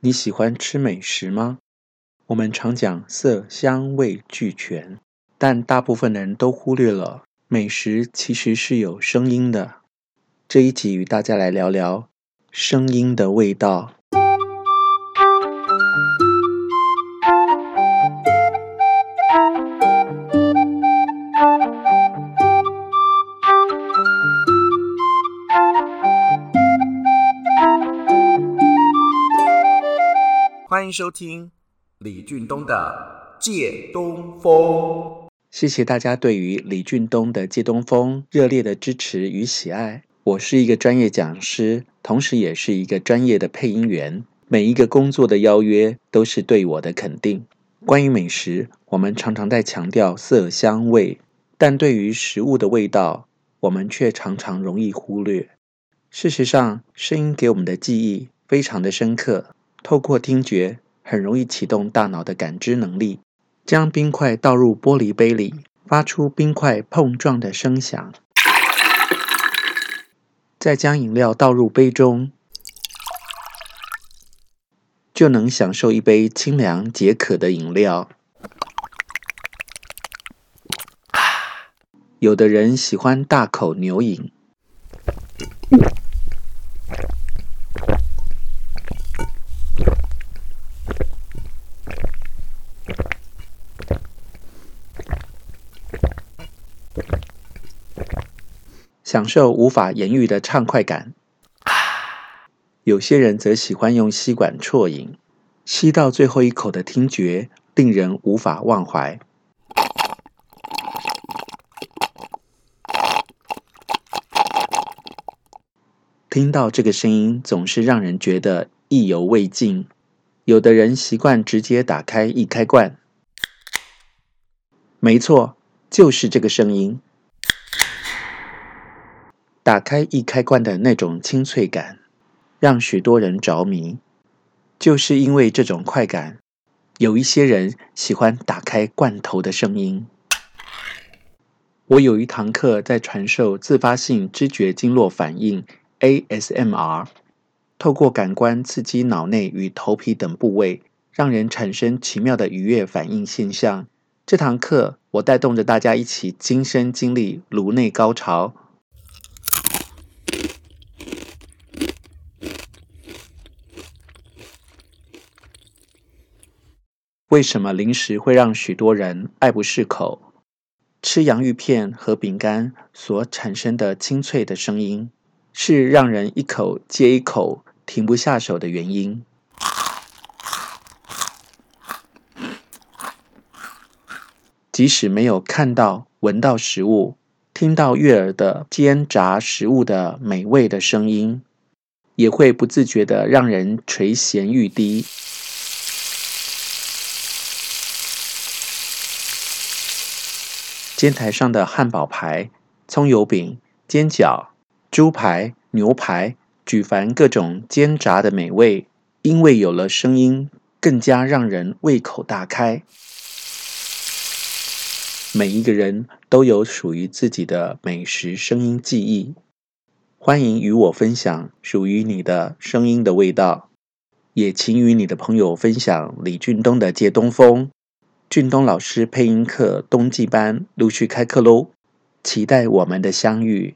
你喜歡吃美食嗎？我們常講色香味俱全，但大部分的人都忽略了，美食其實是有聲音的。這一集與大家來聊聊聲音的味道。歡迎收聽李俊東的《借東風》。謝謝大家對於李俊東的《借東風》熱烈的支持與喜愛。我是一個專業講師，同時也是一個專業的配音員。每一個工作的邀約都是對我的肯定。關於美食，我們常常在強調色香味，但對於食物的味道，我們卻常常容易忽略。事實上，聲音給我們的記憶非常的深刻。透過聽覺，很容易啟動大腦的感知能力。將冰塊倒入玻璃杯裡，發出冰塊碰撞的聲響，再將飲料倒入杯中，就能享受一杯清涼解渴的飲料。啊！有的人喜歡大口牛飲。享受無法言喻的暢快感，啊！有些人則喜歡用吸管啜飲，吸到最後一口的聽覺令人無法忘懷。聽到這個聲音，總是讓人覺得意猶未盡。有的人習慣直接打開易開罐，沒錯，就是這個聲音。打開易開罐的那種清脆感，讓許多人着迷。就是因為這種快感，有一些人喜歡打開罐頭的聲音。我有一堂課在傳授自發性知覺經絡反應 （ASMR），透過感官刺激腦內與頭皮等部位，讓人產生奇妙的愉悅反應現象。這堂課我帶動着大家一起親身經歷顱內高潮。為什麼零食會讓許多人愛不釋口？吃洋芋片和餅乾所產生的清脆的聲音，是讓人一口接一口停不下手的原因。即使沒有看到、聞到食物，聽到悅耳的煎炸食物的美味的聲音，也會不自覺地讓人垂涎欲滴。煎台上的漢堡排、蔥油餅、煎餃、豬排、牛排，舉凡各種煎炸的美味，因為有了聲音，更加讓人胃口大開。每一個人都有屬於自己的美食聲音記憶，歡迎與我分享屬於你的聲音的味道，也請與你的朋友分享李俊東的《借東風》。俊東老師配音課冬季班陸續開課嘍，期待我們的相遇。